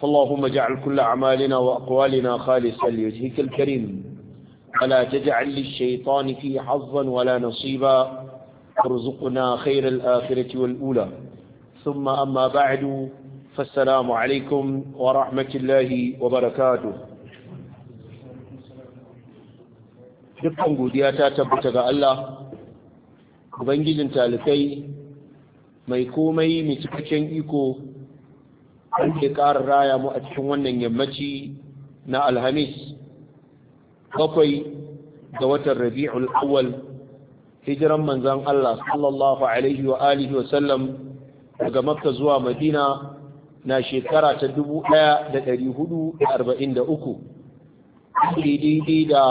فاللهم اجعل كل أعمالنا وأقوالنا خالصا لوجهك الكريم ولا تجعل للشيطان فيه حظا ولا نصيبا ارزقنا خير الآخرة والأولى ثم أما بعد فالسلام عليكم ورحمة الله وبركاته dukkan godiya ta tabbata ga Allah ubangijin talikai mai komai mai cikakken iko an ke raya mu a cikin wannan yammaci na alhamis bakwai ga watan rabi'ul awwal hijiran manzan Allah sallallahu alaihi wa alihi wa daga makka zuwa madina na shekara ta 1443 daidai da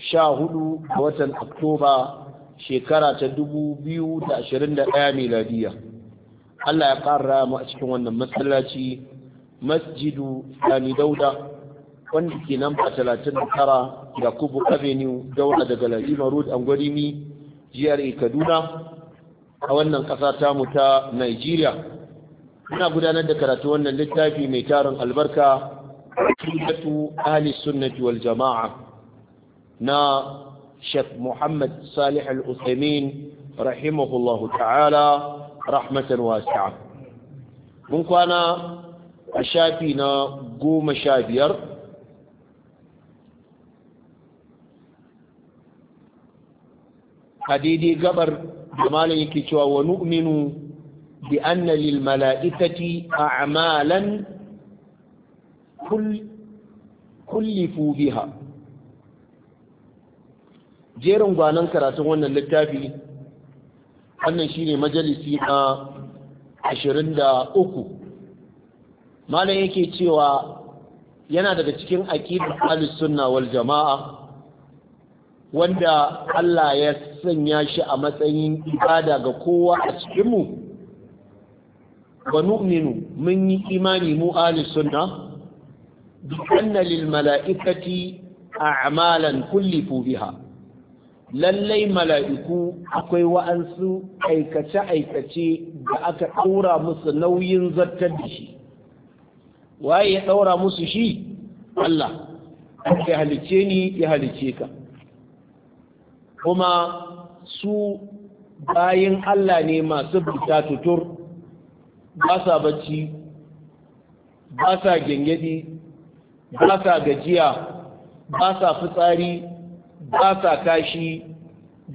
sha hudu ga watan oktoba shekara ta 2021 miladiya Allah ya ƙara mu a cikin wannan masallaci masjidu sani dauda wanda ke nan ba talatin da tara yakubu avenue daura daga lalima road angwadimi jihar kaduna a wannan ƙasa tamu ta nigeria muna gudanar da karatu wannan littafi mai tarin albarka sunnatu ahli sunnati wal jama'a na Sheikh Muhammad Salih Al-Uthaymin rahimahullahu ta'ala rahmatan wasi'a mun kwana a shafi na goma sha biyar a daidai gabar da malam yake cewa wa nu'minu bi anna tati mala'ikati a'malan kullifu biha jerin gwanan karatun wannan littafi wannan shine majalisi na 23 malam yake cewa yana daga cikin aqidar ahlus sunna wal jamaa wanda Allah ya sanya shi a matsayin ibada ga kowa a cikin mu wa nu'minu mun yi imani mu ahlus sunna bi anna lil mala'ikati a'malan kullifu biha lallai mala'iku akwai wa'ansu aikace-aikace da aka ɗaura musu nauyin zartar da shi waye ya ɗaura musu shi Allah ya halice ni ya halice ka kuma su bayan Allah ne masu bita tutur ba sa bacci ba sa gengedi ba sa gajiya ba sa fitsari ba sa kashi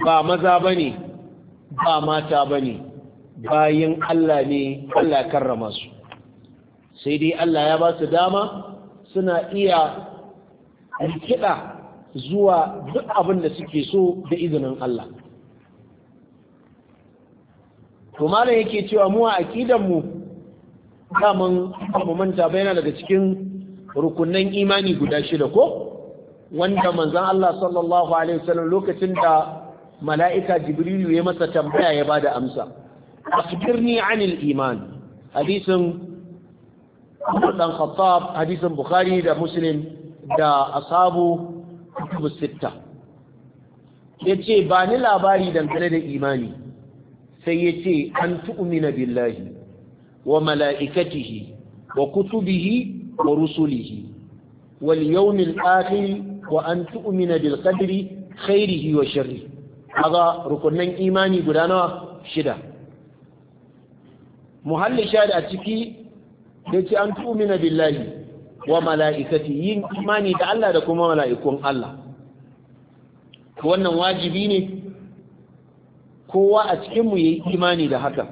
ba maza ba ne ba mata ba ne bayan Allah ne Allah karrama su sai dai Allah ya ba su dama suna iya alkiɗa zuwa duk abin da suke so da izinin Allah to malam yake cewa mu a akidanmu daman mu manta ba yana daga cikin rukunan imani guda shida ko wanda manzon Allah sallallahu alaihi wasallam lokacin da mala'ika jibrilu ya masa tambaya ya bada amsa birni anil iman hadisin dan khattab hadisin bukhari da muslim da ashabu sita. sitta ce ba ni labari dangane da imani sai yace an tu'umina billahi wa mala'ikatihi wa kutubihi wa rusulihi wal yaunin akhir wa an tu'mina bil qadri khairihi wa sharri kaga rukunnan imani guda nawa shida muhalli shahid a ciki yace an tu'mina billahi wa mala'ikati yin imani da Allah da kuma mala'ikun Allah wannan wajibi ne kowa a cikinmu ya yi imani da haka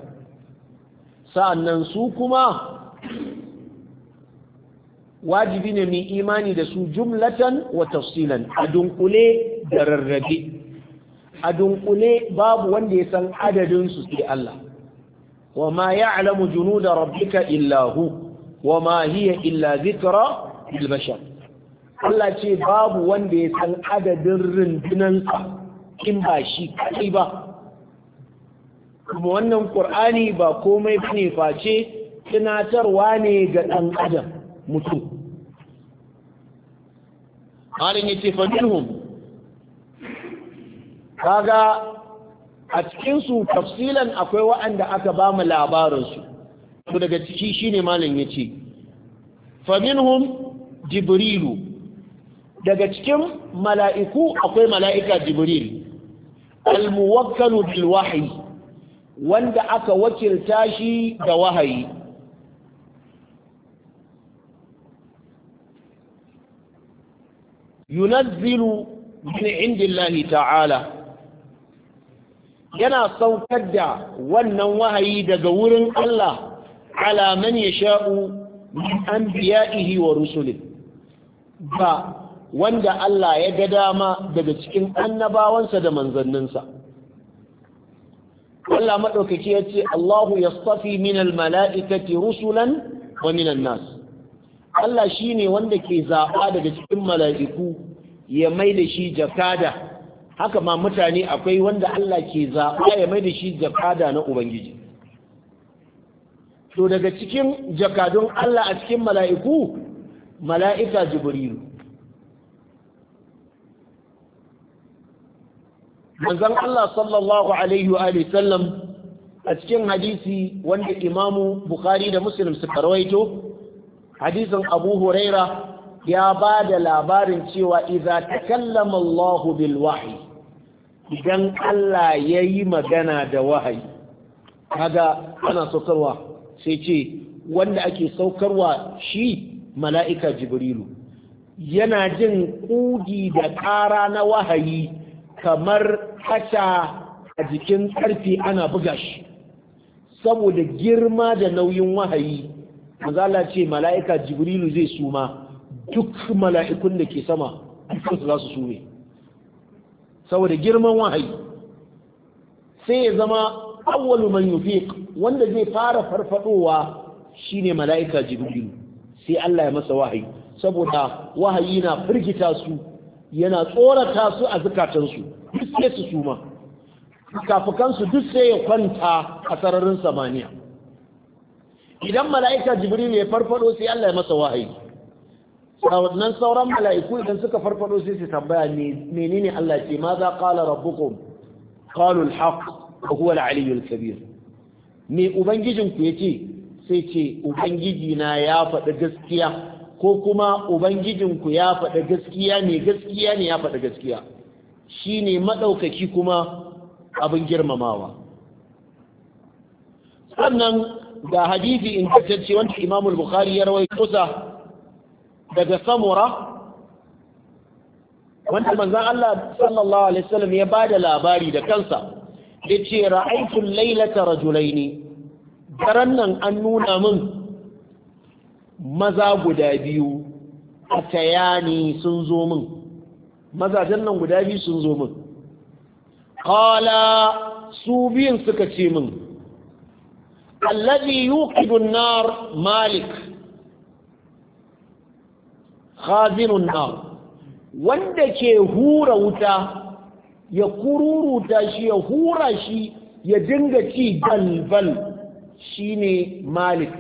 sa'annan su kuma wajibi ne mai imani da su jumlatan wa tafsilan a dunkule da rarrabe a dunkule babu wanda ya san adadin su sai Allah wa ma ya'lamu junuda rabbika illa hu wa ma hiya illa dhikra lil bashar Allah ce babu wanda ya san adadin rundunansa in ba shi kai ba kuma wannan qur'ani ba komai bane face tunatarwa ne ga dan adam mutum malin yace fa minhum kaga a cikinsu su tafsilan akwai wa'anda aka ba mu labarin su daga ciki shine malin yace fa minhum jibrilu daga cikin mala'iku akwai mala'ika jibril al-muwakkalu bil wahyi wanda aka wakilta shi da wahayi yunazzilu min indillahi ta'ala yana saukar da wannan wahayi daga wurin Allah ala man yasha'u min anbiya'ihi wa rusuli ba wanda Allah ya ga dama daga cikin annabawansa da manzanninsa Allah madaukaki ya ce Allahu yastafi min mala'ikati rusulan wa min nas Allah shi ne wanda ke zaɓa daga cikin mala'iku ya mai da shi jakada haka ma mutane akwai wanda Allah ke zaɓa ya mai da shi jakada na Ubangiji to daga cikin jakadun Allah a cikin mala'iku mala'ika jibrilu Manzan Allah sallallahu alaihi wa sallam a cikin hadisi wanda imamu Bukhari da Musulun suka rawaito hadisin abu huraira ya ba da labarin cewa iza takallama Allah bil wahi idan Allah ya yi magana da wahayi kaga ana saukarwa sai ce wanda ake saukarwa shi mala'ika jibrilu yana jin ƙugi da ƙara na wahayi kamar kasha a jikin ƙarfi ana buga shi saboda girma da nauyin wahayi manzo Allah ce mala'ika jibrilu zai suma duk mala'ikun da ke sama dukkan za su sume saboda girman wahayi sai ya zama awwalu man yufiq wanda zai fara farfadowa shine mala'ika jibrilu sai Allah ya masa wahayi saboda wahayi na firgita su yana tsorata su a su. duk sai su suma kafukansu duk sai ya kwanta a sararin samaniya idan mala'ika jibril ya farfado sai Allah ya masa wahayi nan sauran mala'iku idan suka farfado sai su tambaya ne Allah ce ma za ƙala rabbukum ƙalul al-haq da huwa al-aliyyu mai ubangijinku me ubangijin ku ce, sai ce ubangijina ya faɗi gaskiya ko kuma ubangijin ku ya faɗi gaskiya ne gaskiya ne ya faɗi gaskiya Shi ne maɗaukaki, kuma abin girmamawa sannan da hadisi ingantacce wanda Imam al-Bukhari ya rawaito kusa daga Samura wanda manzon Allah sallallahu alaihi wasallam ya bada labari da kansa yace ra'aytu al-laylata rajulaini daren nan an nuna min maza guda biyu a tayani sun zo min mazajen nan guda biyu sun zo min qala su biyun suka ce min الذي يوقد النار مالك خازن النار wanda ke hura wuta ya kururuta shi ya hura shi ya dinga ci shi ne malik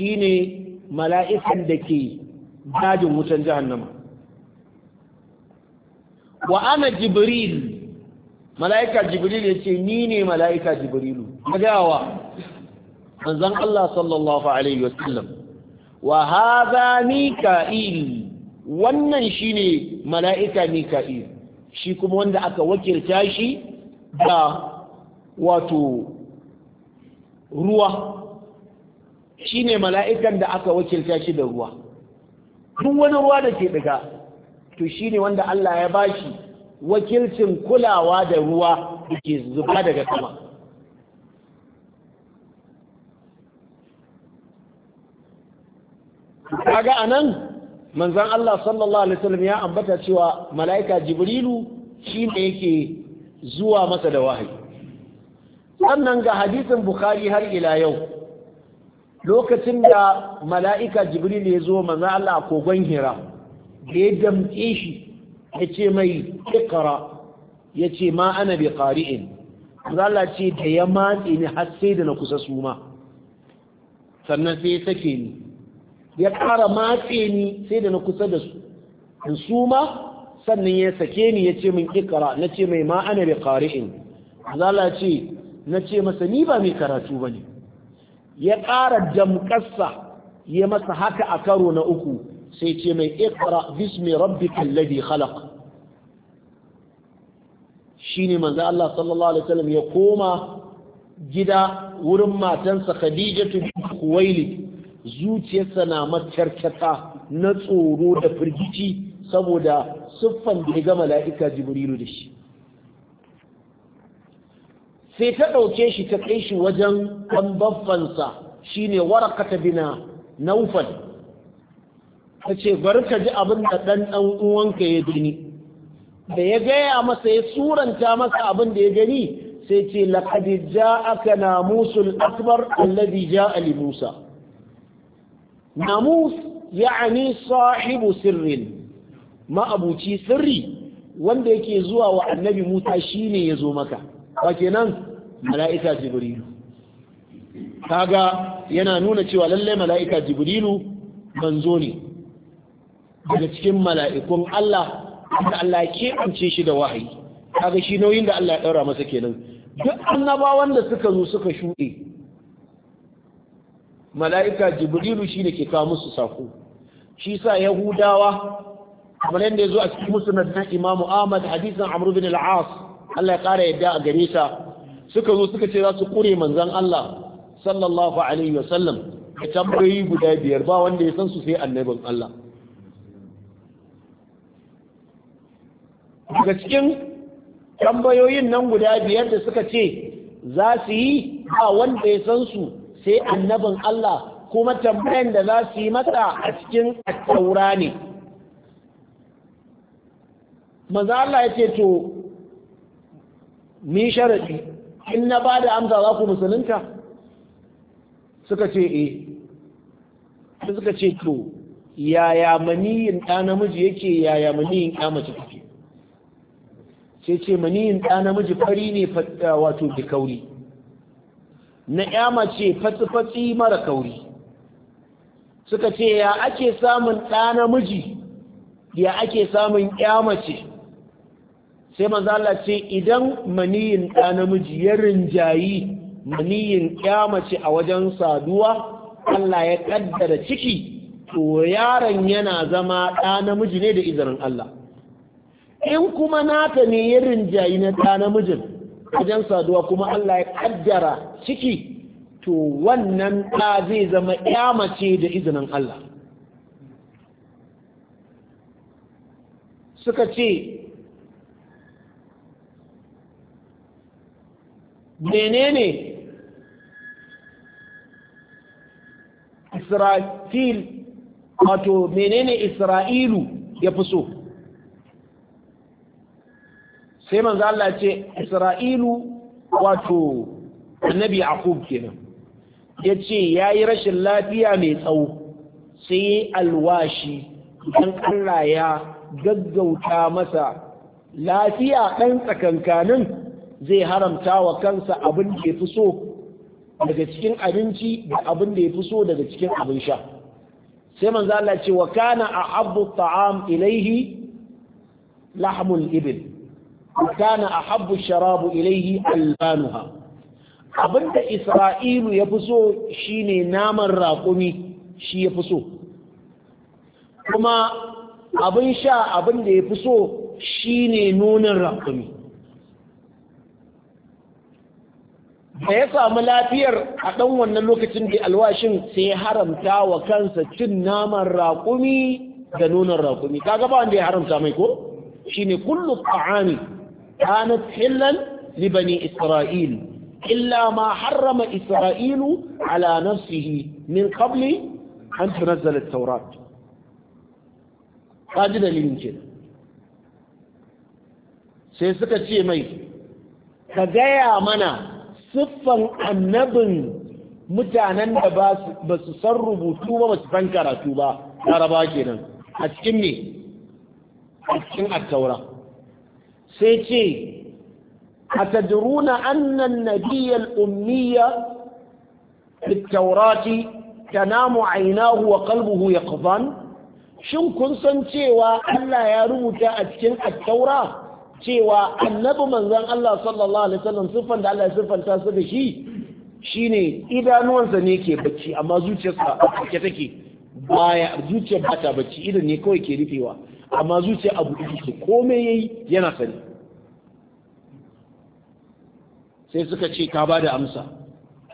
ne mala'ikan da ke dajin wutan jihar wa ana jibril mala'ika jibril ya ce ni ne mala'ika jibrilu gawa manzon Allah sallallahu alaihi wasallam wa mika'il wannan mala'ika mika'il shi kuma wanda aka wakilta shi da wato ruwa ne mala'ikan da aka wakilta shi da ruwa duk wani ruwa da ke daga to shine wanda Allah ya bashi wakilcin kulawa da ruwa da ke zuba daga sama kaga anan manzon Allah sallallahu alaihi wasallam ya ambata cewa mala'ika jibrilu shine yake zuwa masa da wahayi sannan ga hadisin bukhari har ila yau lokacin da mala'ika Jibrilu ya zo manzon Allah a kogon hira da ya damƙe shi ya ce mai ikra ya ce ma ana bi qari'in Allah ce da ya matse ni har sai da na kusa suma sannan sai ya sake ni ya ƙara matse ni sai da na kusa da su in su ma sannan ya sake ni ya ce min ikra na ce mai ma'ana ana bi qari'in ce na ce masa ni ba mai karatu ba ne. ya ƙara damƙasa ya masa haka a karo na uku sai ce mai ikra bismi rabbikal ladhi khalaq shine manzo Allah sallallahu alaihi wasallam ya koma gida wurin matansa Khadijatu Khuwailid zuciyarsa na macarcata na tsoro da firgici saboda siffan da ya gama laika jibrilu da shi sai ta ɗauke shi ta kai shi wajen ɗanbaffansa shi ne warakata bina naufal ta ce bari ka ji abin da ɗan ɗan uwanka ya gani da ya gaya masa ya suranta masa abin da ya gani sai ce laƙadi ja aka na musul akbar allazi ja ali musa namus ya'ani sahibu sirrin ma'abuci sirri wanda yake zuwa wa annabi Musa shine yazo maka ba kenan mala'ika jibrilu kaga yana nuna cewa lallai mala'ika jibrilu manzo ne daga cikin mala'ikun Allah da Allah ke amce shi da wahayi kaga shi nauyin da Allah ya daura masa kenan duk annabawan da suka zo suka shuɗe mala'ika jibrilu shi ne ke kawo musu sako shi sa yahudawa kamar yadda ya zo a cikin musu na imamu ahmad hadisan amru bin al'as allah ya kara yadda a gare ta suka zo suka ce za su kure manzan allah sallallahu alaihi wasallam da tambayoyi guda biyar ba wanda ya san su sai annabin allah daga cikin tambayoyin nan guda biyar da suka ce za su yi ba wanda ya san su sai annabin Allah kuma tambayan da za su yi mata a cikin taura ne maza Allah ya ce to mi sharaɗi in na ba da amsa za ku musulunta suka ce e suka ce to yaya maniyin ɗa namiji yake yaya maniyin ɗa mace take sai ce maniyin ɗa namiji fari ne wato bi kauri na ya mace fatsi-fatsi mara kauri suka ce ya ake samun ɗa namiji ya ake samun ya mace sai mazala ce idan maniyin ɗa namiji ya rinjayi maniyin ya mace a wajen saduwa Allah ya ƙaddara ciki to yaron yana zama ɗa namiji ne da izinin Allah in kuma nata ne ya rinjayi na ɗa namijin wajen saduwa kuma Allah ya kaddara ciki to wannan ɗa zai zama mace da izinin Allah suka ce menene Isra'il? wato menene Isra'ilu ya fi so sai manzo Allah ce Isra'ilu wato annabi Yaqub kenan ya ya yi rashin lafiya mai tsawo sai alwashi dan Allah ya gaggauta masa lafiya ɗan tsakankanin zai haramta wa kansa abin da ya fi so daga cikin abinci da abin da ya fi so daga cikin abin sha sai manzo Allah ce wa kana ahabbu ta'am ilaihi lahmul ibil kana ahabbu sharabu ilaihi albanuha abinda isra'ilu ya fi so shine naman raƙumi shi ya fi so kuma abin sha abin da ya fi so shine nunin raƙumi da ya samu lafiyar a ɗan wannan lokacin da alwashin sai ya haramta wa kansa cin naman raƙumi da nonon raƙumi kaga ba wanda ya haramta mai ko shine kullu ta'ani kanat hillan li bani isra'il illa ma harrama isra'ilu ala nafsihi min qabli an tunzala at-taurat kaji dalilin ke sai suka ce mai ka gaya mana siffan annabin mutanen da ba su san rubutu ba su san karatu ba laraba kenan a cikin ne a cikin attaura sai ce atadruna anna an-nabiyya al-ummiyya fi at-taurat tanamu aynahu wa qalbuhu shin kun san cewa Allah ya rubuta a cikin attaura? cewa annabi manzon Allah sallallahu alaihi wasallam sifan da Allah ya sifanta su da shi shine idanuwansa ne ke bacci amma zuciyarsa a take take baya zuciyar bata bacci idan ne kawai ke rufewa amma zuciya abu ɗin komai yayi yana sani sai suka ce ka ba da amsa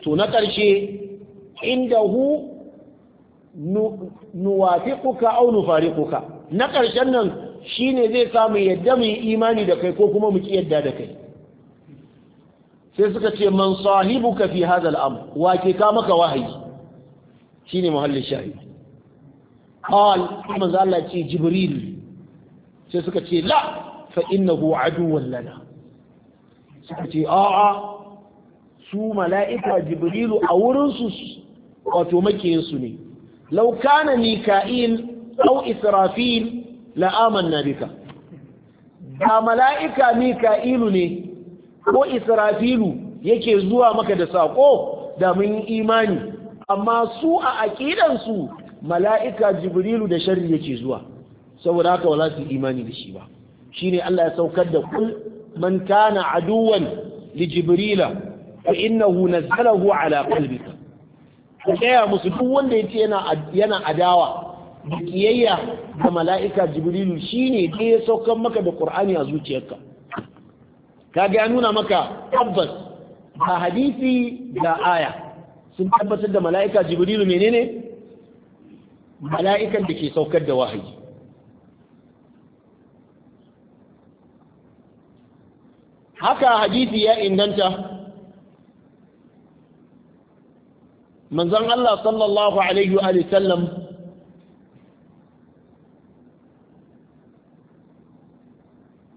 to na ƙarshe inda hu au nufari kuka na ƙarshen nan shi ne zai samu yadda mu imani da kai ko kuma mu ki yadda da kai sai suka ce man ka fi hadha am wa ke ka maka wahayi Shi ne muhallin shahid qal manzo Allah ce jibril sai suka ce la fa innahu aduwwan lana suka ce a'a su mala'ika jibrilu a wurin su wato su ne law kana mika'il au israfil la na bika Da mala'ika mika'ilu ne ko israfilu yake zuwa maka da sako da mun imani amma su a su mala'ika jibrilu da sharri yake zuwa saboda haka ba za su imani da shi ba shine Allah ya saukar da kul man kana aduwan li jibrila fa innahu nazzalahu ala qalbika ka gaya musu duk wanda yace yana yana adawa da kiyayya ga mala'ika jibrilu shine da ya saukar maka da qur'ani a zuciyarka ga ya nuna maka tabbas ba hadisi da aya sun tabbatar da mala'ika jibrilu menene mala'ikan da ke saukar da wahayi haka hadisi ya inganta manzon Allah sallallahu alaihi wa sallam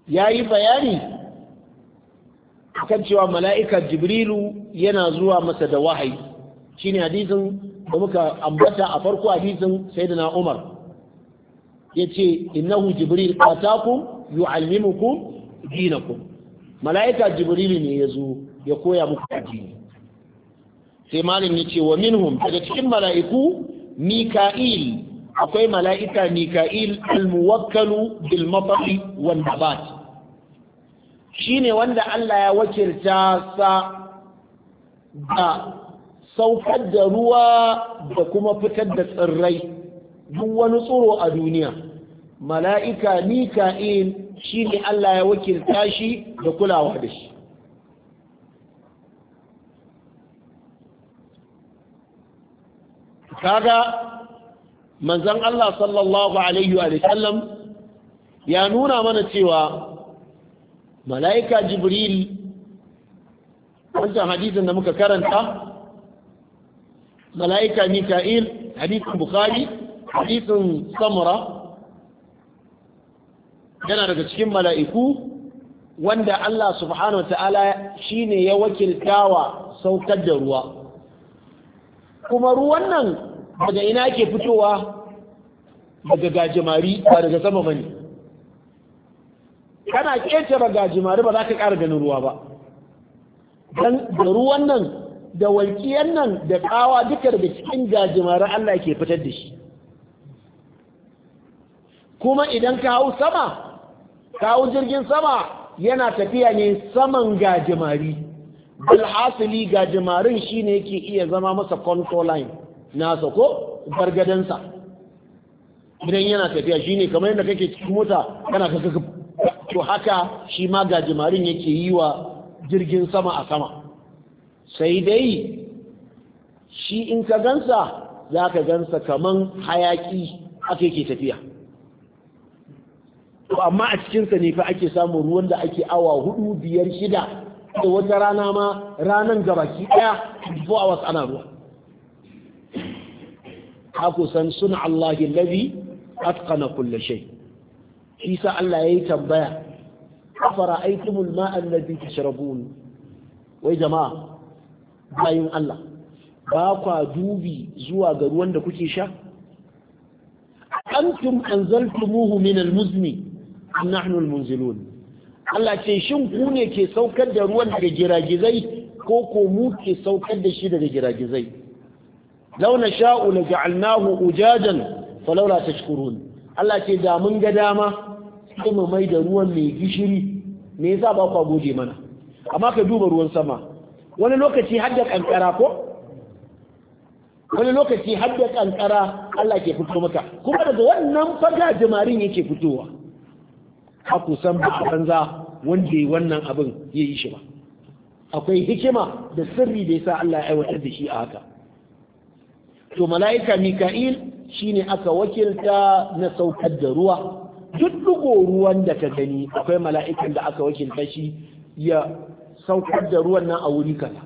ya yi bayani kan cewa mala'ikar jibrilu yana zuwa masa da wahayi shine hadisin da muka ambata a farko hadisin sayyidina umar ya ce innahu jibril atakum yu'allimukum dinakum mala'ika jibrilu ne ya zo ya koya muku addini sai malam ya ce wa minhum daga cikin mala'iku mika'il akwai mala'ika mika'il almuwakkalu bil mafaɗi wan nabat shine wanda Allah ya wakilta sa da saukar da ruwa da kuma fitar da tsirrai duk wani tsoro a duniya mala'ika mika'il shi ne Allah ya wakilta shi da kulawa da shi kaga manzan Allah sallallahu Alaihi wasallam ya nuna mana cewa mala'ika jibril wancan hadisin da muka karanta mala'ika mika'il hadisin bukari hadisin samura yana daga cikin mala'iku wanda Allah subhanahu ta'ala shi ne ya wakiltawa saukar da ruwa kuma ruwan nan daga ina ke fitowa daga gajimari ba daga sama bane kana ba gajimari ba za ka ƙara ganin ruwa ba don da ruwan nan da walƙiyan nan da ƙawa duka daga cikin gajimari Allah ke fitar da shi kuma idan ka hau sama kawo jirgin sama yana tafiya ne saman gajimari bilhasili gajimarin shine yake iya zama masa control line nasa ko bargadansa idan yana tafiya shine kamar yadda kake cikin mota kana kaka to haka shi ma gajimarin yake yi wa jirgin sama a sama sai dai shi in ka gansa za ka gansa kaman hayaki aka ke tafiya to amma a cikinsa ne fa ake samun ruwan da ake awa hudu biyar shida da wata rana ma ranan gabaki daya ko a wasu ana ruwa haku kusan suna Allahi lazi atqana kulle shay shi Allah ya yi tambaya afara aitumul ma'a alladhi tashrabun wai jama'a bayin Allah ba kwa dubi zuwa ga ruwan da kuke sha antum anzaltumuhu min almuzni nahnu almunzilun Allah ce shin ku ne ke saukar da ruwan daga giragizai ko ko mu ke saukar da shi daga giragizai law sha'u la ja'alnahu ujajan la tashkurun Allah ce da mun ga dama sai mu mai da ruwan mai gishiri me yasa ba ku gode mana amma ka duba ruwan sama wani lokaci har da kankara ko wani lokaci har da kankara Allah ke fito maka kuma daga wannan faga jimarin yake fitowa a kusan ba a banza wanda ya wannan abin ya yi shi ba akwai hikima da sirri da ya sa Allah ya aiwatar da shi a haka to mala'ika mika'il shi ne aka wakilta na saukar da ruwa duk dugo ruwan da ta gani akwai mala'ikan da aka wakilta shi ya saukar da ruwan nan a wuri kaza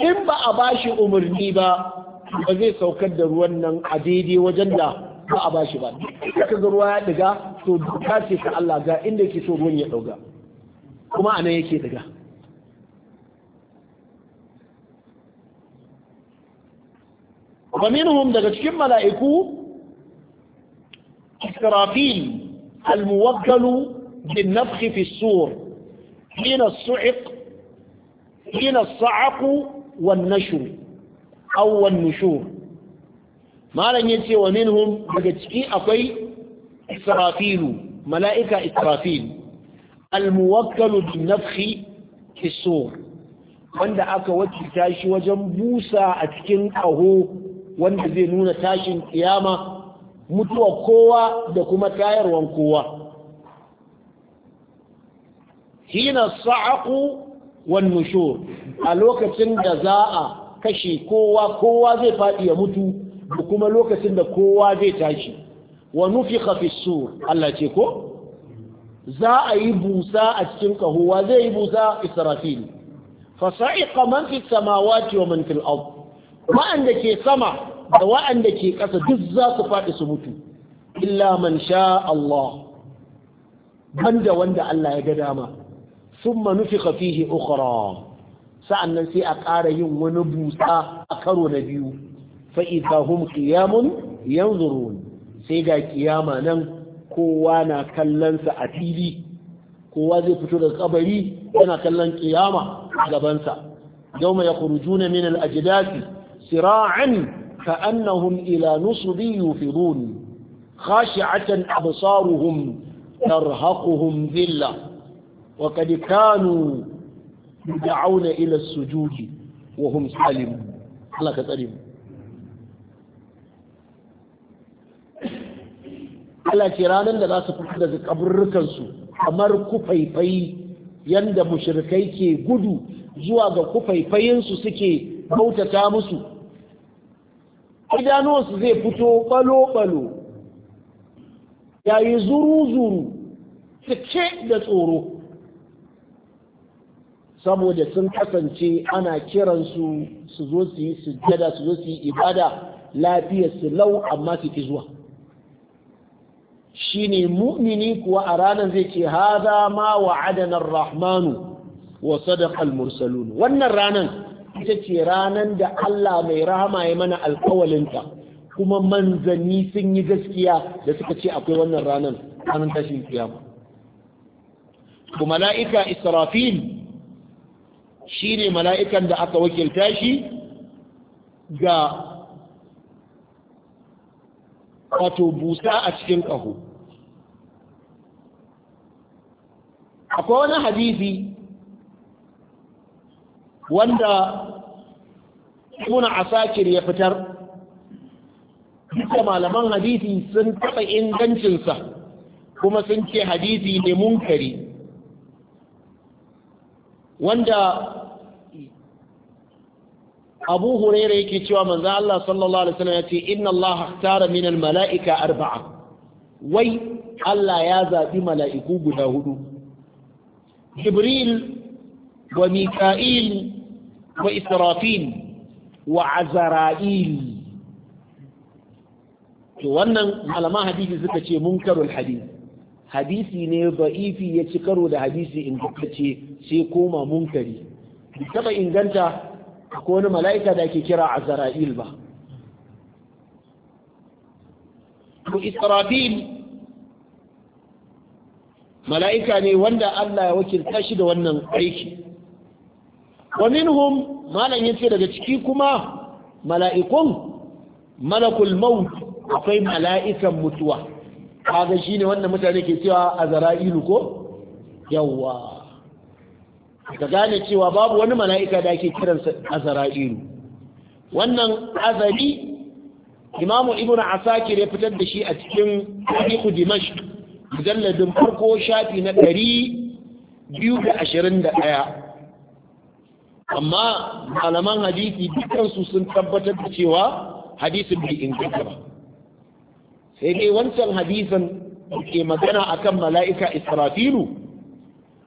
in ba a bashi umarni ba ba zai saukar da ruwan nan a daidai wajen da ba a bashi ba ka ga ruwa ya diga to ka ce ka Allah ga inda yake so ruwan ya dauga kuma anan yake diga wa minhum daga cikin mala'iku israfil الموكل بالنفخ في السور حين الصعق حين الصعق والنشر أو النشور malam ya ce wa minhum daga ciki akwai israfilu mala'ika israfilu almuwakkalu bin nafhi kisur wanda aka wakilta tashi wajen busa a cikin ƙaho wanda zai nuna tashin kiyama mutuwa kowa da kuma tayarwan kowa hina sa'aqu wan nushur a lokacin da za a kashe kowa kowa zai faɗi ya mutu da kuma lokacin da kowa zai tashi wa nufiqa fi sur Allah ce ko za a yi busa a cikin kahowa zai yi busa israfil fa man fi samawati wa man fil ard wa'anda ke sama da wa'anda ke ƙasa duk za su faɗi su mutu illa man sha Allah banda wanda Allah ya ga dama thumma nufiqa fihi ukhra sa'annan sai a ƙara yin wani busa a karo na biyu fa'iza hum qiyamun yanzurun sai ga kiyama nan kowa na kallonsa a fili kowa zai fito daga kabari yana kallon kiyama a gabansa yawma juna min al-ajdasi sira'an ka'annahum ila nusbi yufidun khashi'atan absaruhum tarhaquhum dhillah wa qad kanu yud'auna ila as wa hum salimun Allah ka tsare Allah ce ranar da za su fito daga kaburrukansu kamar kufaifai yanda mushrikai ke gudu zuwa ga kufaifayinsu suke bautata musu su zai fito balo-balo yayi zuru-zuru cike da tsoro saboda sun kasance ana kiransu su zo su yi sujjada su zo su yi ibada lafiyarsu lau amma su ki zuwa shine mu'mini kuwa a ranar zai ce haza ma wa'adana rahmanu wa sadaqa mursalun wannan ranan ita ce ranan da Allah mai rahama ya mana alƙawalinta kuma manzanni sun yi gaskiya da suka ce akwai wannan ranan ranar tashin kiyama Kuma mala'ika israfil shine mala'ikan da aka wakilta shi ga wato busa a cikin ƙaho akwai wani hadisi wanda ibn asakir ya fitar duka malaman hadisi sun taɓa ingancinsa kuma sun ce hadisi ne munkari wanda abu huraira yake cewa manzo Allah sallallahu alaihi wasallam yace inna Allah ikhtara min al-mala'ika arba'a wai Allah ya zabi mala'iku guda hudu jibril wa mika'il wa israfil wa azara'il to wannan malaman hadisi suka ce munkarul hadisi hadisi ne ba'ifi ya ci karo da hadisi ingantacce sai koma munkari bai taba inganta ko wani mala'ika da ake kira azara'il ba ko israfil mala'ika ne wanda Allah ya wakilta shi da wannan aiki wa minhum malam yace daga ciki kuma mala'ikun malakul maut akwai mala'ikan mutuwa kaga shine wannan mutane ke cewa azra'ilu ko yawa ka gane cewa babu wani mala'ika da ake kiransa azra'ilu wannan azali imamu ibnu asakir ya fitar da shi a cikin tarihu dimashq mujalladin farko shafi na ɗari biyu da ashirin da ɗaya amma malaman hadisi dukansu sun tabbatar da cewa hadisin bai inganta ba sai dai wancan hadisin ke magana akan mala'ika israfilu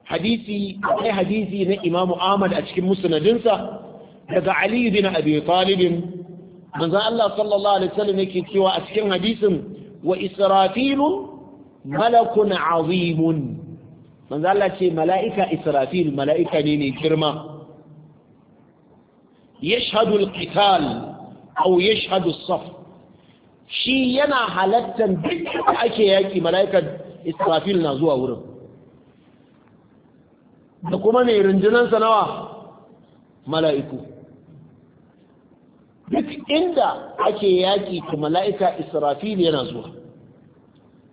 hadisi akwai hadisi na imamu ahmad a cikin musnadinsa daga ali bin abi talibin manzon Allah sallallahu alaihi wasallam yake cewa a cikin hadisin wa israfilu malakun azimun manzo Allah ce mala'ika israfil mala'ika ne ne girma yashhadu alqital aw yashhadu as-saf shi yana halattan duk ake yaki mala'ika israfil na zuwa wurin da kuma mai rundunan nawa mala'iku duk inda ake yaki to mala'ika israfil yana zuwa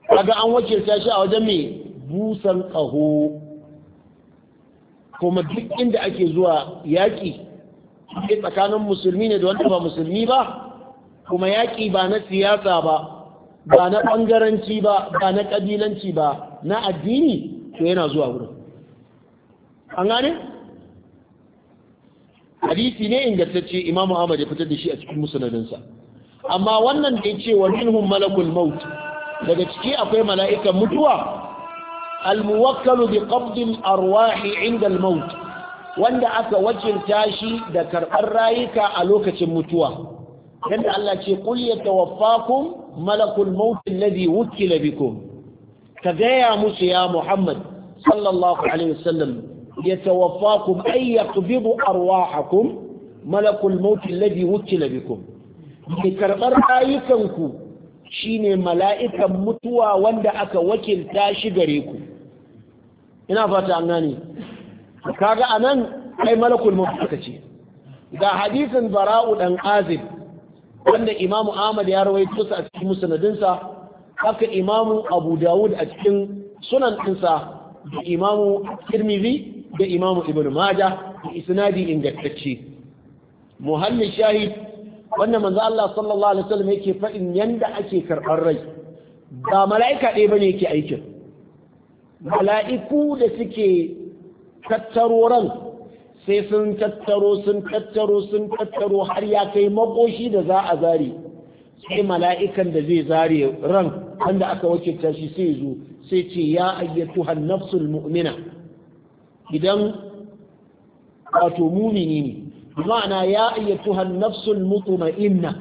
kaga an ta shi a wajen mai busan ƙaho kuma duk inda ake zuwa yaƙi tsakanin musulmi ne da wanda ba musulmi ba kuma yaƙi ba na siyasa ba ba na ɓangaranci ba ba na ƙabilanci ba na addini to yana zuwa wurin an gane? hadisi ne ingantacce imamu ahmad ya fitar da shi a cikin musanadinsa amma wannan da ya ce wa malakul maut daga ciki akwai mala'ikan mutuwa almuwakkalu bi qabdil arwahi inda almaut wanda aka wakilta shi da karɓar rayuka a lokacin mutuwa yadda Allah ce qul yatawaffakum malakul maut alladhi wukila bikum ka gaya musu ya Muhammad sallallahu alaihi wasallam yatawaffakum ay yaqbidu arwahakum malakul maut alladhi wukila bikum ki karɓar rayukanku shine mala'ikan mutuwa wanda aka wakilta shi gare ku ina fata an gane kaga anan kai malakul aka ce ga hadisin bara'u dan azib wanda imamu ahmad ya rawaito sa a cikin musnadinsa haka imamu abu dawud a cikin sunan ɗinsa da imamu tirmidhi da imamu ibnu majah da isnadi ingantacce muhallin shahid wanda manzo Allah sallallahu alaihi wasallam yake faɗin yanda ake karɓar rai ba mala'ika ɗaya bane yake aikin mala'iku da suke tattaro ran sai sun tattaro sun tattaro sun tattaro har ya kai makoshi da za a zare sai mala'ikan da zai zare ran wanda aka wakilta shi sai zo sai ce ya ayyatu nafsul mu'mina idan wato mumini ne ma'ana ya ayyatuha an-nafsul mutma'inna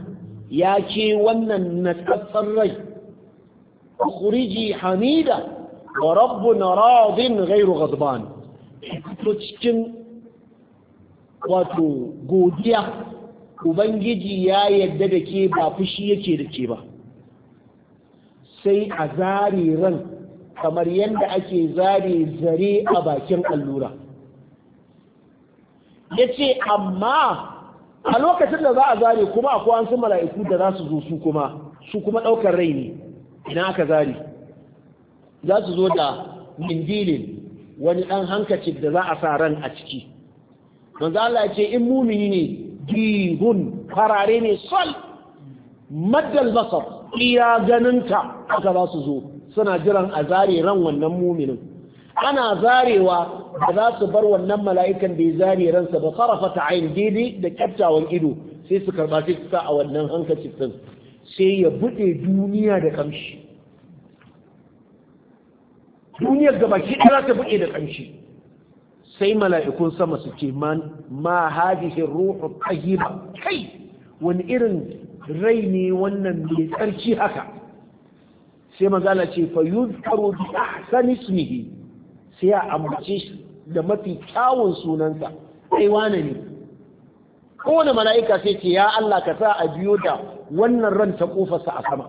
ya ce wannan natsatsan rai kuriji hamida wa rabbun radin ghairu ghadban to cikin wato godiya ubangiji ya yadda da ke ba fushi yake da ke ba sai a zare ran kamar yadda ake zare zare a bakin allura ya ce amma a lokacin da za a zare kuma akwai an sun mala'iku da za su zo su kuma su kuma ɗaukar rai ne idan aka zare za su zo da mindilin wani ɗan hankaci da za a sa ran a ciki manzo Allah ya ce in mumini ne gihun farare ne sol maddal basar iya ganinta aka za su zo suna jiran a zare ran wannan muminin ana zarewa da za su bar wannan mala'ikan da ya zare ransa ba sarrafa ta ayin daidai da kyaftawan ido sai su karba sai su sa a wannan hankacin din sai ya buɗe duniya da kamshi duniyar gabaki ɗaya za ta buɗe da kamshi sai mala'ikun sama su ce ma hadihin ruhu tsayiba kai wani irin rai ne wannan mai tsarki haka sai magana ce fa yuzkaru bi ahsani ismihi sai a ambace shi da mafi kyawun sunansa sai wane ne kowane mala'ika sai ce ya Allah ka sa a biyo da wannan ran ta kofarsa a sama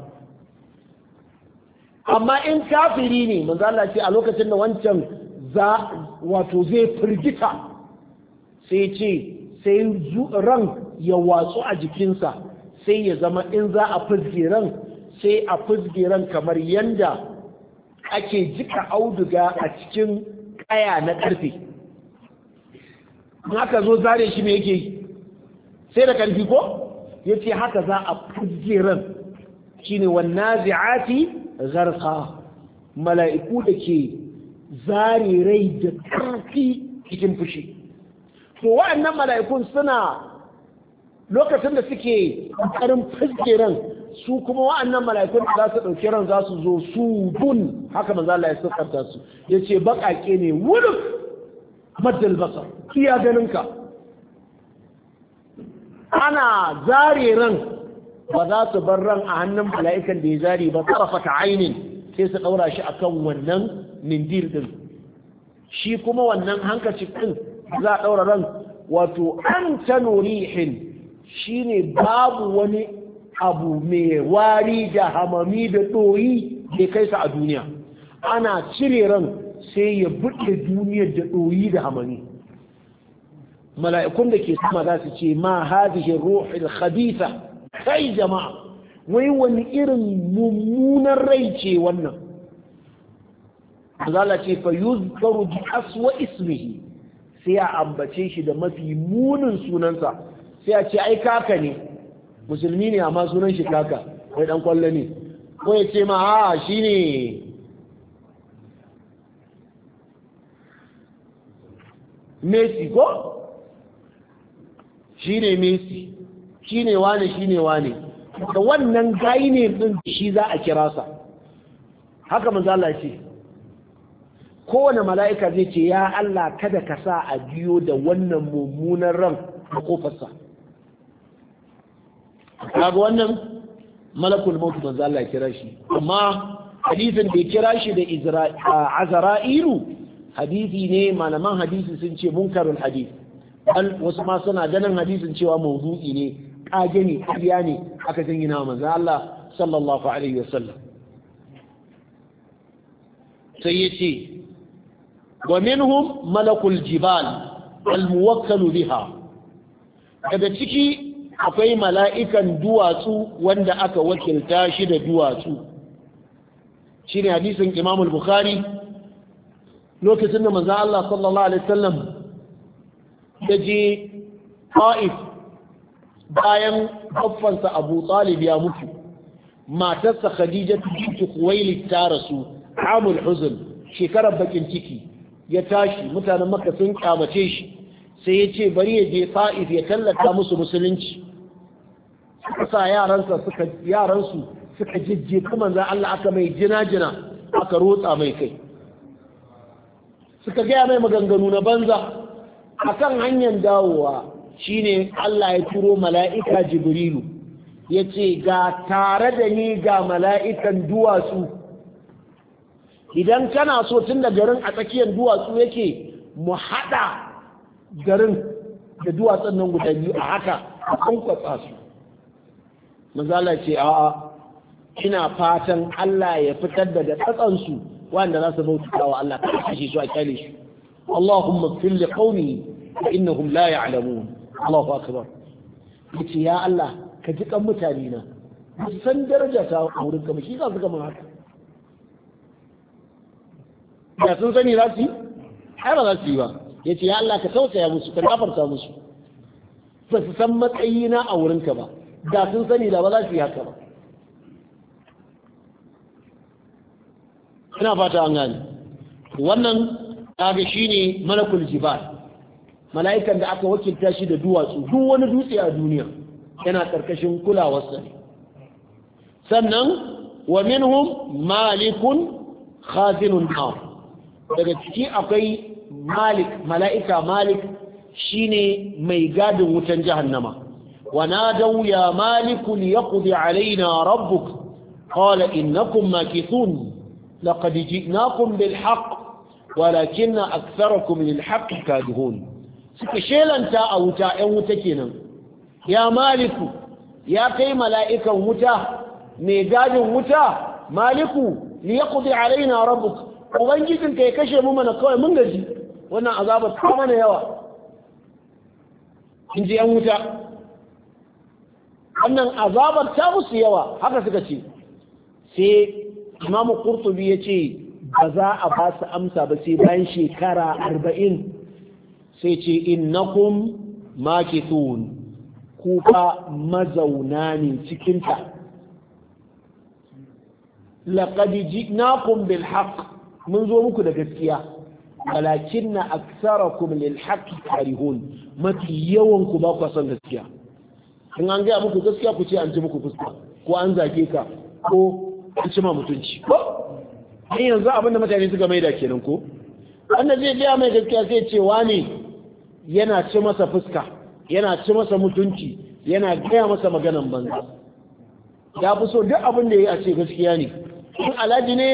amma in kafiri ne manzo Allah ce a lokacin da wancan za wato zai firgita sai ce sai ran ya watsu a jikinsa sai ya zama in za a fizgiran sai a fizgiran kamar yanda ake jika auduga a cikin kaya na ƙarfe haka zo zare shi me yake sai da karfi ko ya ce haka za a fujiran shi ne wannan zi'ati zarka mala'iku da ke zare rai da ƙarfi cikin fushi to wa'annan mala'ikun suna lokacin da suke ƙarin fujiran su kuma wa'annan mala'ikun da za su ɗauki ran za su zo su bun haka manzo Allah ya siffanta su yace baƙaƙe ne wuluk maddal basar iya ganin ka ana zare ran ba za su bar ran a hannun mala'ikan da ya zare ba tarafata ainin sai su ɗaura shi akan wannan nindir din shi kuma wannan hankacin din za a ɗaura ran wato an ta nurihin shine babu wani abu mai wari da hamami da ɗoyi ke kai sa a duniya ana cire ran sai ya buɗe duniyar da ɗoyi da hamami mala'ikun da ke sama za su ce ma hadihi ruhul khabitha kai jama'a wai wani irin mummunan rai ce wannan Allah ce fa yuzkaru ji aswa ismihi sai a ambace shi da mafi munin sunansa sai a ce ai kaka ne musulmi ne amma sunan shi kaka wai dan kwallo ne ko ya ce ma a shi ne messi ko shi ne messi shi ne wane shi ne wane da wannan gai ne din shi za a kira sa haka manzo Allah ce kowane mala'ika zai ce ya Allah kada ka sa a biyo da wannan mummunan ran a kofarsa kaga wannan malakul maut manzo Allah ya kira shi amma hadisin da kira shi da azra'ilu hadisi ne malaman hadisi sun ce munkarul hadis al wasu ma suna ganin hadisin cewa mawdu'i ne kage ne ƙarya ne aka jingina manzo Allah sallallahu alaihi wasallam sai yace wa minhum malakul jibal al muwakkal biha daga ciki akwai mala'ikan duwatsu wanda aka wakilta shi da duwatsu shi ne hadisin imamul bukhari lokacin da manzan Allah sallallahu Alaihi wasallam da je ta'if bayan haffansa abu talib ya mutu matarsa khadija ta kuwaili ta rasu hamul huzun shekarar bakin ciki ya tashi mutanen maka sun kyamace shi sai ya ce bari ya je fa'if ya tallata musu musulunci suka sa yaransu suka jijje kuma za Allah aka mai jina-jina aka rotsa mai kai suka gaya mai maganganu na banza akan hanyar dawowa shine Allah ya turo mala'ika jibrilu ya ce ga tare da ni ga mala'ikan duwatsu idan kana so tun da garin a tsakiyar duwatsu yake mu haɗa garin da duwatsan nan guda biyu a haka a kwankwatsa su mazala ce a ina fatan Allah ya fitar da tsatsansu wanda za su bauta wa Allah ka kashe su a kyale su Allahumma fil li qaumi innahum la ya'lamun Allahu akbar yace ya Allah ka ji kan mutane na san daraja ta wurin ka shi za su ga haka ya sun za su yi ba za su yi ba ya ce ya Allah ka tausaya musu ka gafarta musu ba su san matsayina a wurinka ba da sun sani da ba za su yi haka ba ina fata an gane wannan kaga shine malakul jibal mala'ikan da aka wakilta shi da duwatsu duk wani dutse a duniya yana karkashin kulawar sa sannan wa minhum malikun khazinun nar daga ciki akwai malik mala'ika malik shine mai gadin wutan jahannama wana dau ya malik liyaqdi alaina rabbuk qala innakum makithun laqad ji'nakum bil haqq walakinna aktharakum lil haqqi kadhun suka shelanta a wuta ‘yan wuta kenan ya maliku ya kai mala'ikan wuta mai gadin wuta maliku liya ya kudi alaina rabu ubangijin ka ya kashe mu mana kawai mun gaji wannan azabar ta mana yawa in ji ‘yan wuta wannan azabar ta musu yawa haka suka ce sai imamu kurtubi ya ce ba za a ba su amsa ba sai bayan shekara arba'in sai ce innakum makithun ku mazauna ne cikinta laqad ji'nakum bil haqq mun zo muku da gaskiya walakin na aksarakum lil haqqi karihun mafi yawan ku ba ku son gaskiya in an gaya muku gaskiya ku ce an ji muku fuska ko an zage ka ko an ci ma mutunci ko in yanzu abin da mutane suka maida kenan ko wanda zai gaya mai gaskiya sai ce wani yana ci masa fuska yana ci masa mutunci yana gaya masa maganan banza ya fi so duk abin da ya ce gaskiya ne in alhaji ne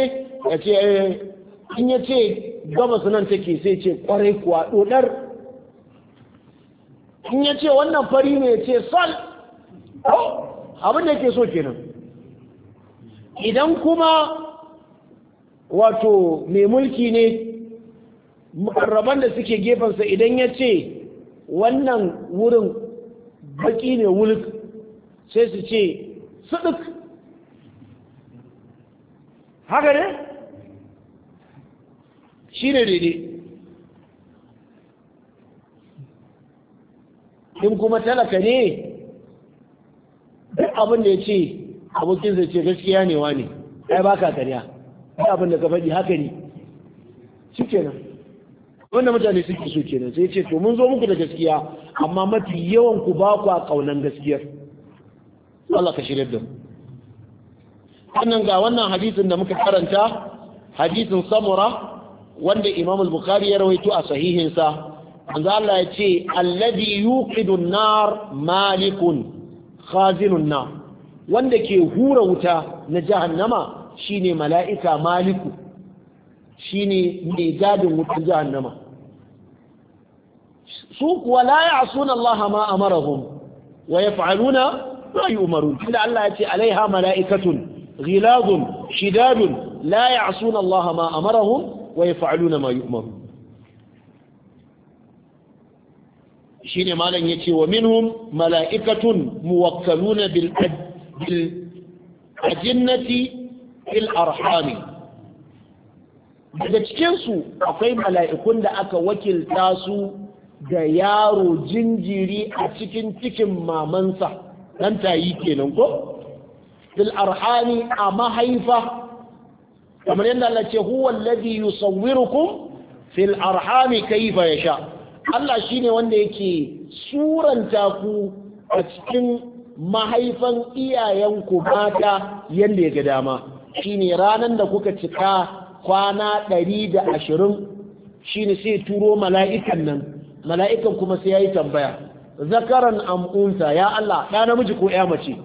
ya ce eh, in ya ce gabas nan take sai ce kwarai kuwa dodar in ya ce wannan fari ne ya ce sal abin da ke so kenan idan kuma wato mai mulki ne mukarraban da suke gefensa idan ya ce wannan wurin baki ne wulk sai su ce suɗuk haka ne shi ne daidai in kuma talaka ne duk abin da ya ce abokinsa ce gaskiya ne wa ne ai ba ka karya duk abin da ka faɗi haka ne shi kenan wanda mutane suke so kenan sai ce to mun zo muku da gaskiya amma mafi yawan ku ba ku a kaunan gaskiyar Allah ka shirya da mu wannan ga wannan hadisin da muka karanta hadisin samura wanda imam al-bukhari ya rawaito a sahihinsa manzo Allah ya ce alladhi yuqidu nar malikun khazinun nar wanda ke hura wuta na jahannama shine mala'ika maliku shine mai gadin wutan jahannama su kuwa la ya'suna Allah ma amarahum wa yaf'aluna ma yu'marun inda Allah ya ce alaiha mala'ikatun ghilazun shidadun la ya'suna Allah ma amarahum wa yaf'aluna ma Shi ne malam ya ce wa minhum mala'ikatun muwakkaluna bil bil ajinnati fil arhami daga cikinsu akwai mala'ikun da aka wakilta su da yaro jinjiri a cikin cikin mamansa ɗan tayi kenan ko? fil a mahaifa kamar yadda Allah ce huwa alladhi yusawwirukum fil arhami kayfa yasha Allah shine wanda yake suranta ku a cikin mahaifan iyayen ku mata yadda ya ga dama shine ranan da kuka cika kwana 120 shine sai turo mala'ikan nan mala'ikan kuma sai yayi tambaya zakaran am unsa ya Allah da namiji ko ya mace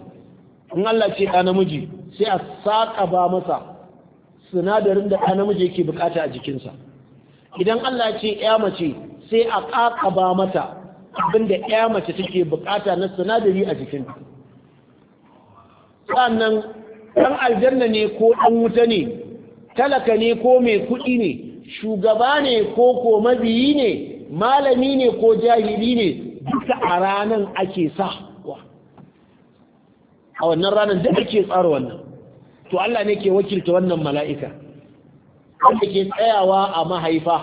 in Allah ce da namiji sai a saka ba masa sinadarin da namiji yake bukata a jikinsa idan Allah ce ya mace sai a kakaba mata abinda ya mace take bukata na sinadari a jikinta sannan dan aljanna ne ko dan wuta ne talaka ne ko mai kuɗi ne shugaba ne ko ko mabiyi ne malami ne ko jahili ne duka a ranan ake sa a wannan ranar da ake tsara wannan to Allah ne ke wakilta wannan mala'ika wanda ke tsayawa a mahaifa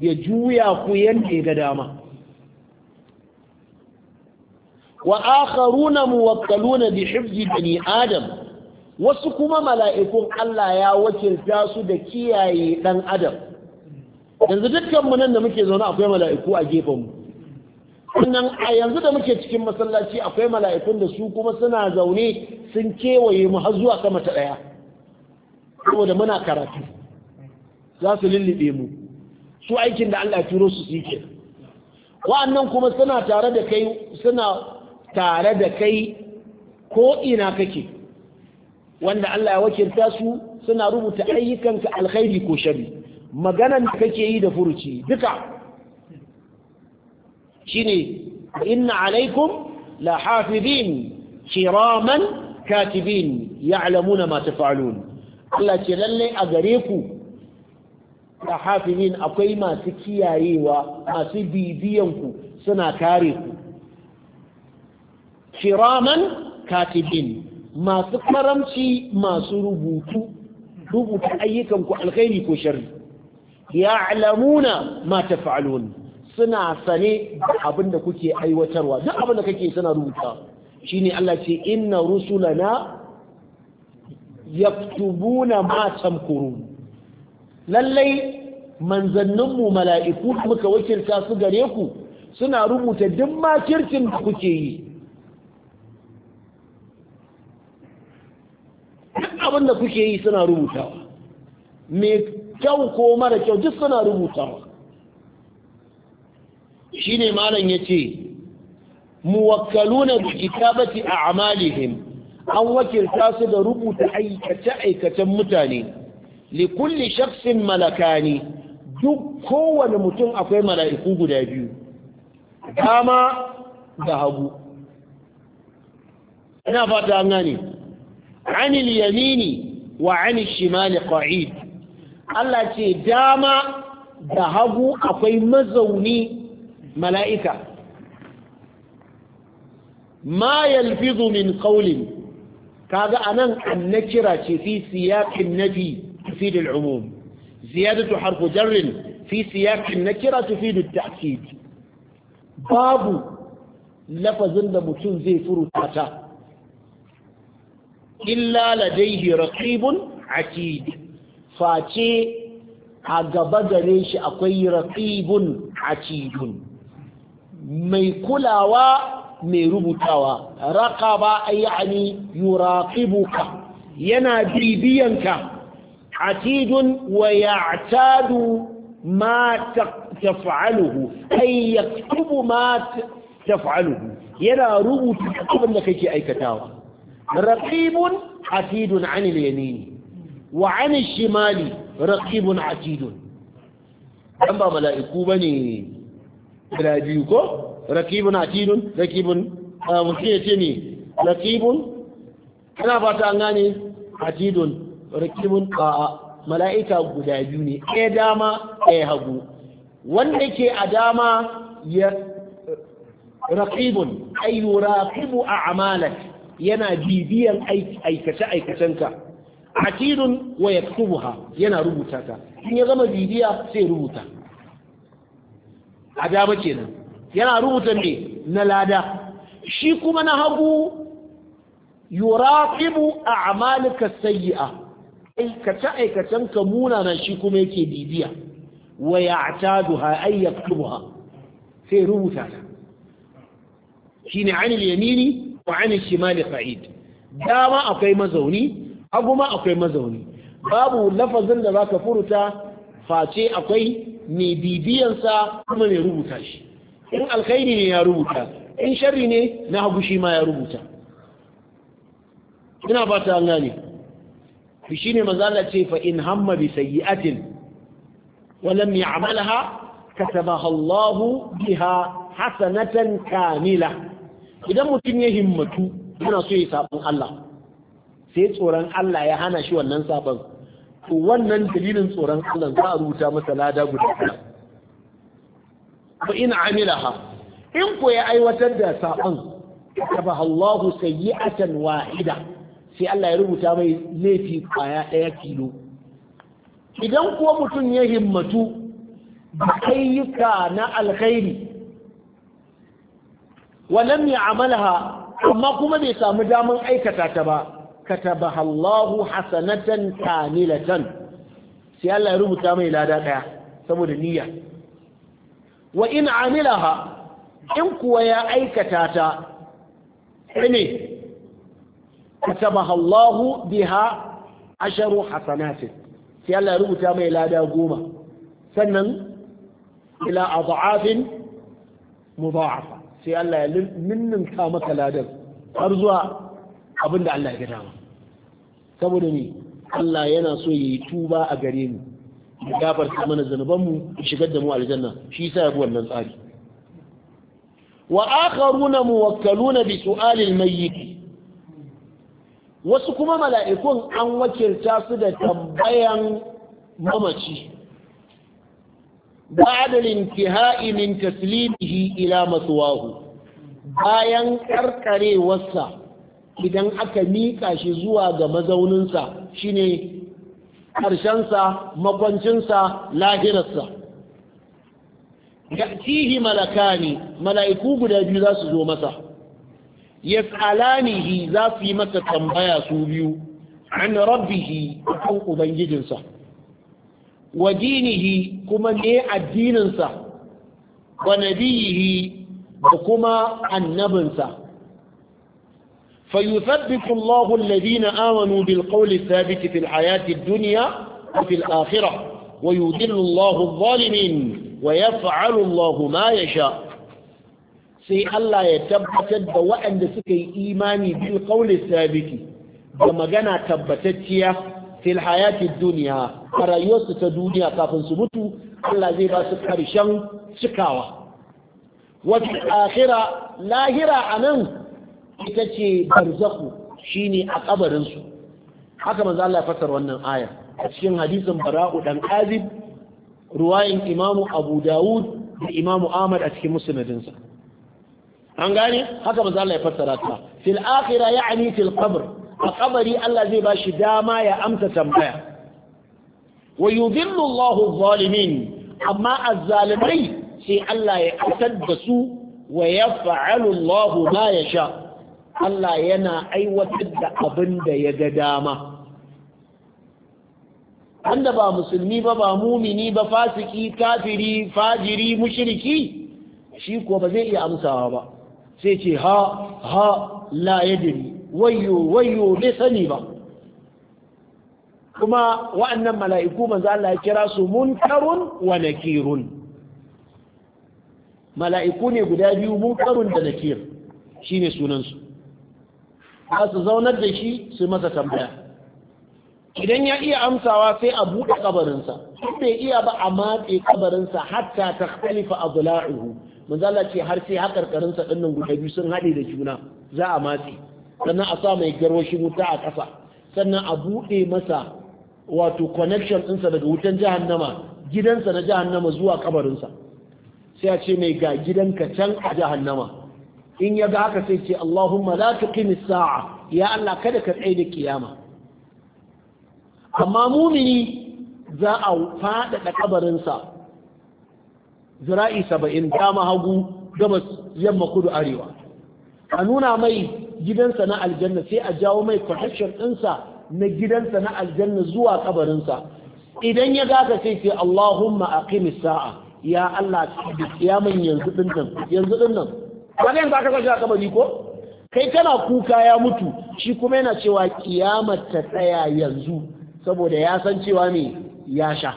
ya juya ku yanda ga dama wa akharuna muwakkaluna bi hifzi bani adam wasu kuma mala'ikun Allah ya wakilta su da kiyaye dan adam yanzu dukkan mu nan da muke zaune akwai mala'iku a gefen mu Wannan a yanzu da muke cikin masallaci akwai mala'ikun da su kuma suna zaune sun kewaye mu har zuwa sama ta ɗaya saboda muna karatu za su lullube mu su aikin da Allah turo su suke wa'annan kuma suna tare da kai suna tare da kai ko ina kake wanda Allah ya wakilta su suna rubuta ayyukanka alkhairi ko shari maganan da kake yi da furuci duka shine inna alaikum la hafidhin kiraman katibin ya'lamuna ma taf'alun Allah ce lalle a gare ku la hafidhin akwai masu kiyayewa masu bibiyan ku suna kare ku kiraman katibin masu karamci masu rubutu rubuta ayyukan ku alkhairi ko sharri ya'lamuna ma taf'alun suna sane da abin da kuke aiwatarwa duk abin da kake suna rubuta shine Allah ce inna rusulana yaktubuna ma tamkurun lallai mu mala'iku muka wakilta su gare ku suna rubuta duk ma kirkin da kuke yi duk abin da kuke yi suna rubutawa me kyau ko mara kyau duk suna rubuta. shi ne malam yace muwakkaluna bi kitabati a'malihim an wakilta su da rubuta aikace aikacen mutane li kulli shakhsin malakani duk kowane mutum akwai mala'iku guda biyu dama da hagu ina fata an gane anil yamini wa anil shimali qa'id Allah ce dama da hagu akwai mazauni mala'ika ma yalfizu min qawlin kaga anan annakira ce fi siyaqin nafi tufid al-umum ziyadatu harfu jar fi siyaqin nakira tufid at-ta'kid babu lafazin da mutum zai furuta ta illa ladaihi raqibun atid face a gaba gare shi akwai raqibun atidun mai kulawa mai rubutawa raqaba ayyani yuraqibuka yana bibiyanka atidun wa ya'tadu ma taf'aluhu ay yaktubu ma taf'aluhu yana rubuta abin da kake aikatawa raqibun atidun 'anil yamini wa 'anil shimali raqibun atidun an ba mala'iku bane guda biyu ko rakibun atidun rakibun ah, mutum ya ce ne rakibun ana fata an gane atidun rakibun a'a mala'ika guda biyu ne ɗaya dama ɗaya hagu wanda ke a dama ya raqibun ay yuraqibu a'malak yana bibiyan aikace aikacenka atidun wa yaktubuha yana rubuta ta in ya gama bibiya sai rubuta a dama kenan yana rubuta me na lada shi kuma na hagu yuraqibu a'malika sayyi'a aikace aikacen ka na shi kuma yake bibiya wa ya'taduha ay yaktubuha sai rubuta ta shine anil yamini wa anil shimali qa'id dama akwai mazauni hagu ma akwai mazauni babu lafazin da zaka furuta face akwai mai bibiyansa kuma mai rubuta shi in alkhairi ne ya rubuta in sharri ne na hagu shi ma ya rubuta ina ba ta gane fi shi ne mazala ce fa in hamma bi sayyi'atin wa lam ya'malha katabaha Allahu biha hasanatan kamila idan mutum ya himmatu yana so ya sabon Allah sai tsoron Allah ya hana shi wannan sabon to wannan dalilin tsoron Allah za a rubuta masa lada guda ɗaya fa in amilaha in ko ya aiwatar da saban kaba Allahu sayyi'atan wahida sai Allah ya rubuta mai laifi kwaya ɗaya kilo idan kuwa mutum ya himmatu da ayyuka na alkhairi wa lam ya'malha amma kuma bai samu damar aikata ta ba katabaha Allahu hasanatan kamilatan sai Allah ya rubuta mai lada daya saboda niyya wa in amilaha in kuwa ya aikata ta ne katabaha Allahu biha asharu hasanatin sai Allah ya rubuta mai lada goma sannan ila adhafin mudha'afa sai Allah ya ninninka maka ladan har zuwa abin da Allah ya gada ma saboda ne Allah yana so ya yi tuba a gare mu ya gafarta mana zanubanmu ya shigar da mu aljanna shi yasa ya bi wannan tsari wa akharuna muwakkaluna bi su'alil mayyit wasu kuma mala'ikun an wakilta su da tambayan mamaci بعد الانتهاء من تسليمه إلى مثواه bayan ƙarƙare wasa idan aka miƙa shi zuwa ga mazauninsa shine ƙarshensa makwancinsa lahirarsa malaka ne, mala'iku guda biyu za su zo masa Ya hi za su yi masa tambaya su biyu an rabbihi kan ubangijinsa wa dinihi kuma ne addininsa wa nabiyihi da kuma annabinsa فيثبت الله الذين آمنوا بالقول الثابت في الحياة الدنيا وفي الآخرة ويذل الله الظالمين ويفعل الله ما يشاء sai Allah ya tabbatar da waɗanda suka yi imani bil qawli sabiki da magana tabbatacciya fil hayati duniya a rayuwarsu ta duniya kafin su mutu Allah zai ba su karshen cikawa wata akhira lahira anan ita ce barzaku shine a kabarin haka manzo Allah wannan aya a cikin hadisin bara'u dan azib ruwayin imamu abu dawud da imamu ahmad a cikin musnadinsa an gane haka manzo Allah ya fassara ta fil akhirah ya'ni fil qabr a kabari Allah zai bashi dama ya amsa tambaya wa yudhillu Allahu adh-dhalimin amma azzalimai sai Allah ya kasar da su wa yaf'alu Allahu ma yasha Allah yana aiwatar da abin da ya ga dama wanda ba musulmi ba ba mumini ba fasiki kafiri fajiri mushriki shi ko ba zai iya amsawa ba sai ce ha ha la wayyo wayyo bai sani ba kuma wa'annan mala'iku manzo Allah ya kira su munkarun wa nakirun mala'iku ne guda biyu munkarun da nakir shine sunansu za su zaunar da shi su masa tambaya idan ya iya amsawa sai a buɗe kabarinsa bai iya ba a matse kabarinsa hatta ta khalifa adla'uhu manzala ce har sai hakarkarinsa ɗin nan guda biyu sun haɗe da juna za a matse sannan a sa mai garwashin wuta a ƙasa sannan a buɗe masa wato connection ɗinsa daga wutan jahannama gidansa na jahannama zuwa kabarinsa sai a ce mai ga gidanka can a jahannama in ya ga haka sai ce Allahumma la tuqim as-sa'a ya Allah kada ka tsaye da kiyama amma mumini za a faɗaɗa kabarinsa zira'i saba'in dama hagu gabas yamma kudu arewa a nuna mai gidansa na aljanna sai a jawo mai connection ɗinsa na gidansa na aljanna zuwa ƙabarinsa. idan ya gaka sai ce Allahumma aqimis sa'a ya Allah kiyaman yanzu dinnan yanzu nan. ba za ka ka a ni ko kai kana kuka ya mutu shi kuma yana cewa kiyamar ta tsaya yanzu saboda ya san cewa ne ya sha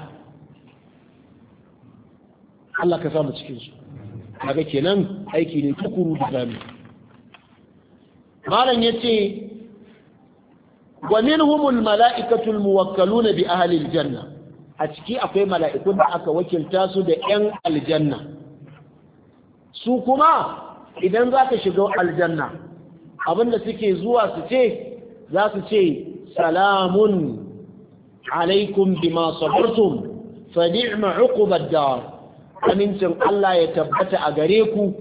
Allah ka samu cikin su kaga kenan aiki ne tukuru da zami malam yace wa minhumul mala'ikatul muwakkaluna bi ahli aljanna a ciki akwai mala'ikun da aka wakilta su da yan aljanna su kuma idan za ka shiga aljanna abinda suke zuwa su ce za su ce salamun alaikum bima sabartum fa ni'ma uqubad dar amincin Allah ya tabbata a gare ku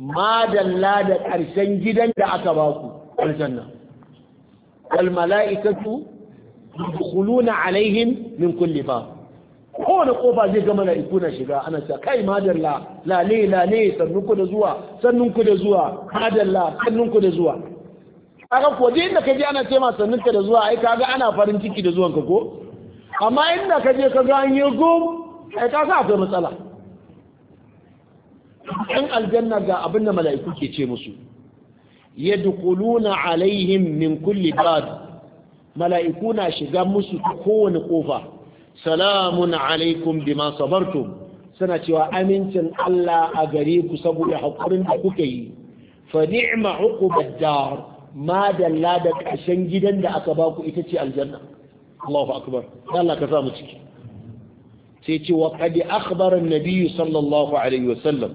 madalla da ƙarshen gidan da aka ba ku aljanna wal mala'ikatu yadkhuluna alaihim min kulli bab kowane kofa zai ga mala'iku na shiga ana cewa kai madalla lale lale sannun ku da zuwa sannun ku da zuwa madalla sannun ku da zuwa aka ko je inda kaje ana ce ma sannun ka da zuwa ai kaga ana farin ciki da zuwanka ko amma inda kaje kaga an yi go ai ka sa akwai matsala in aljanna ga abin da mala'iku ke ce musu yadkhuluna alaihim min kulli bab mala'iku na shiga musu kowane kofa salamun alaikum bima sabartum suna cewa amincin Allah a gare ku saboda haƙurin da kuka yi fa ni'ma uqubad dar ma dalla da ƙarshen gidan da aka ba ku ita ce aljanna Allahu akbar Allah ka sa mu ciki sai ce wa qad akhbara an-nabi sallallahu alaihi wasallam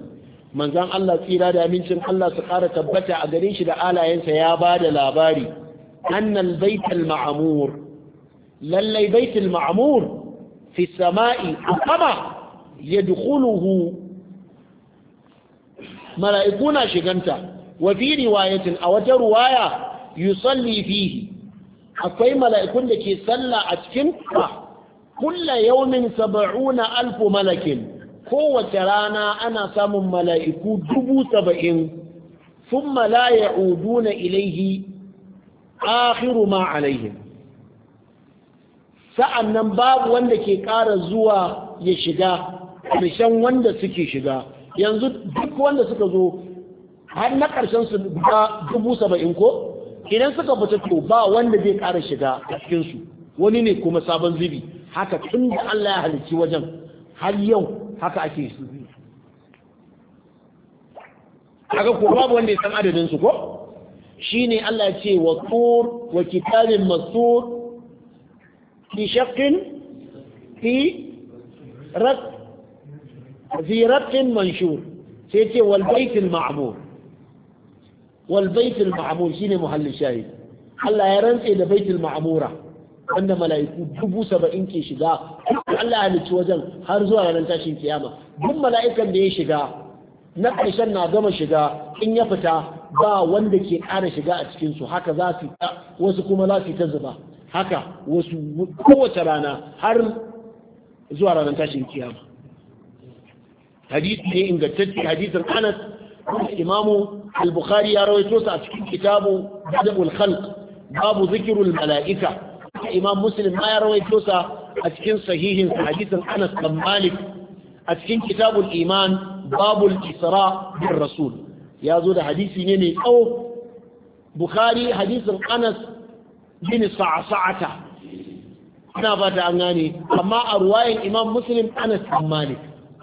manzan Allah tsira da amincin Allah su ƙara tabbata a gare shi da alayensa ya ba da labari annal baitul ma'amur lallai baitul ma'amur fi sama'i a ya dukuluhu mala'iku na shiganta wa fi riwayatin a wata ruwaya yusalli fihi akwai mala'ikun da ke sallah a cikin kula kulla yaumin saba'una alfu malakin kowace rana ana samun mala'iku dubu saba'in sun la na ilaihi akhiru ma alaihim sa'annan babu wanda ke ƙara zuwa ya shiga ƙarshen wanda suke shiga yanzu duk wanda suka zo har na ƙarshen su guda dubu saba'in ko idan suka fita to ba wanda zai ƙara shiga a cikinsu wani ne kuma sabon zubi haka tun da Allah ya halicci wajen har yau haka ake su haka ko babu wanda ya san adadin su ko shine Allah ya ce wa tur wa kitabin في شق في رد في رد منشور سيتي والبيت المعمور والبيت المعمور شيني محل الشاهد Allah ya rantse da baitul ma'amura wanda mala'iku dubu saba'in ke shiga Allah halicci wajen har zuwa ranar tashin kiyama duk mala'ikan da ya shiga na ƙarshen na gama shiga in ya fita ba wanda ke ƙara shiga a cikinsu haka za su wasu kuma za su ta zuba haka wasu kowace rana har zuwa ranar tashin kiyama hadisi ne ingantacce hadisin anas imamu al-bukhari ya rawaito sa a cikin kitabu badabul khalq babu zikirul mala'ika imam muslim ma ya rawaito sa a cikin sahihin hadisin anas bin malik a cikin kitabul iman babul isra bin rasul ya zo da hadisi ne mai tsawo bukhari hadisin anas bin sa'asa'ata ina ba ta an gane amma a ruwayan imam muslim ana bin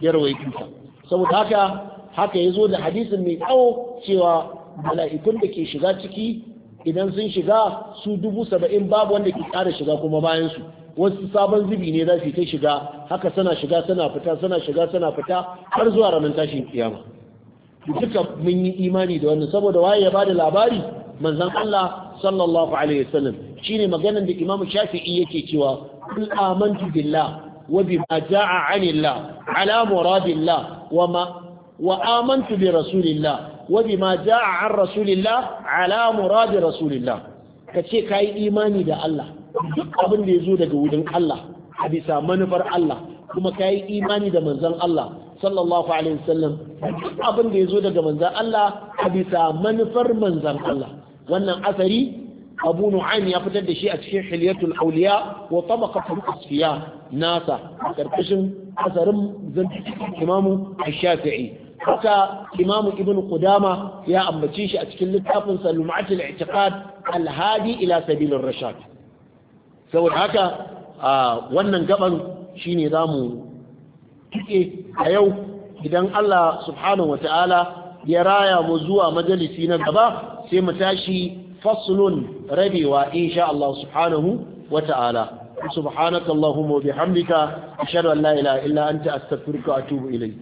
ya rawaitu ta saboda haka haka zo da hadisin mai tsawo cewa mala'ikun da ke shiga ciki idan sun shiga su dubu saba'in babu wanda ke ƙara shiga kuma bayan su wasu sabon zubi ne za su ta shiga haka sana shiga sana fita sana shiga sana fita har zuwa ranar tashin kiyama duka mun yi imani da wannan saboda waye ya bada labari manzon Allah sallallahu alaihi wasallam shine maganar da Imam Shafi'i yake cewa kul amantu billah wa bima jaa anillah ala muradillah wa ma wa amantu bi rasulillah wa bima jaa an rasulillah ala murad rasulillah kace kai imani da Allah duk abin da yazo daga wurin Allah a bisa manufar Allah kuma kai imani da manzon Allah sallallahu alaihi wasallam duk abin da yazo daga manzon Allah a bisa manufar manzon Allah wannan asari abu nu'aym ya fitar da shi a cikin hilyatul auliya wa tabaqatul asfiya nasa karkashin asarin zantikin imamu ash-shafi'i haka imamu ibn qudama ya ambace shi a cikin littafin salumatul i'tiqad al-hadi ila sabilir rashad saboda haka wannan gaban shine zamu tike a yau idan Allah subhanahu wata'ala ya raya mu zuwa majalisi na gaba sai mu tashi faslun rabewa insha Allah subhanahu wa ta'ala subhanaka allahumma bihamdika ashhadu an la ilaha illa anta astaghfiruka wa atubu ilayk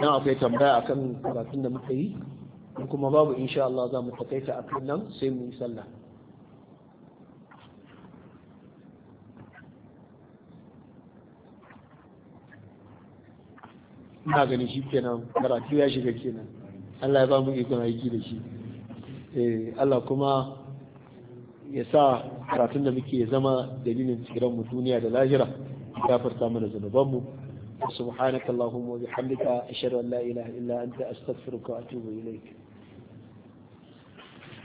na akwai tambaya akan karatun da muka yi kuma babu insha Allah za mu takaita akan nan sai mu yi sallah ina ganin shi kenan karatu ya shiga kenan Allah ya ba mu ikon aiki da shi eh, Allah kuma ya sa karatun da muke zama dalilin tsiran mu duniya da lahira farta mana zunubanmu subhanakallahumma wa bihamdika ashhadu an la ilaha illa anta astaghfiruka wa atubu ilayk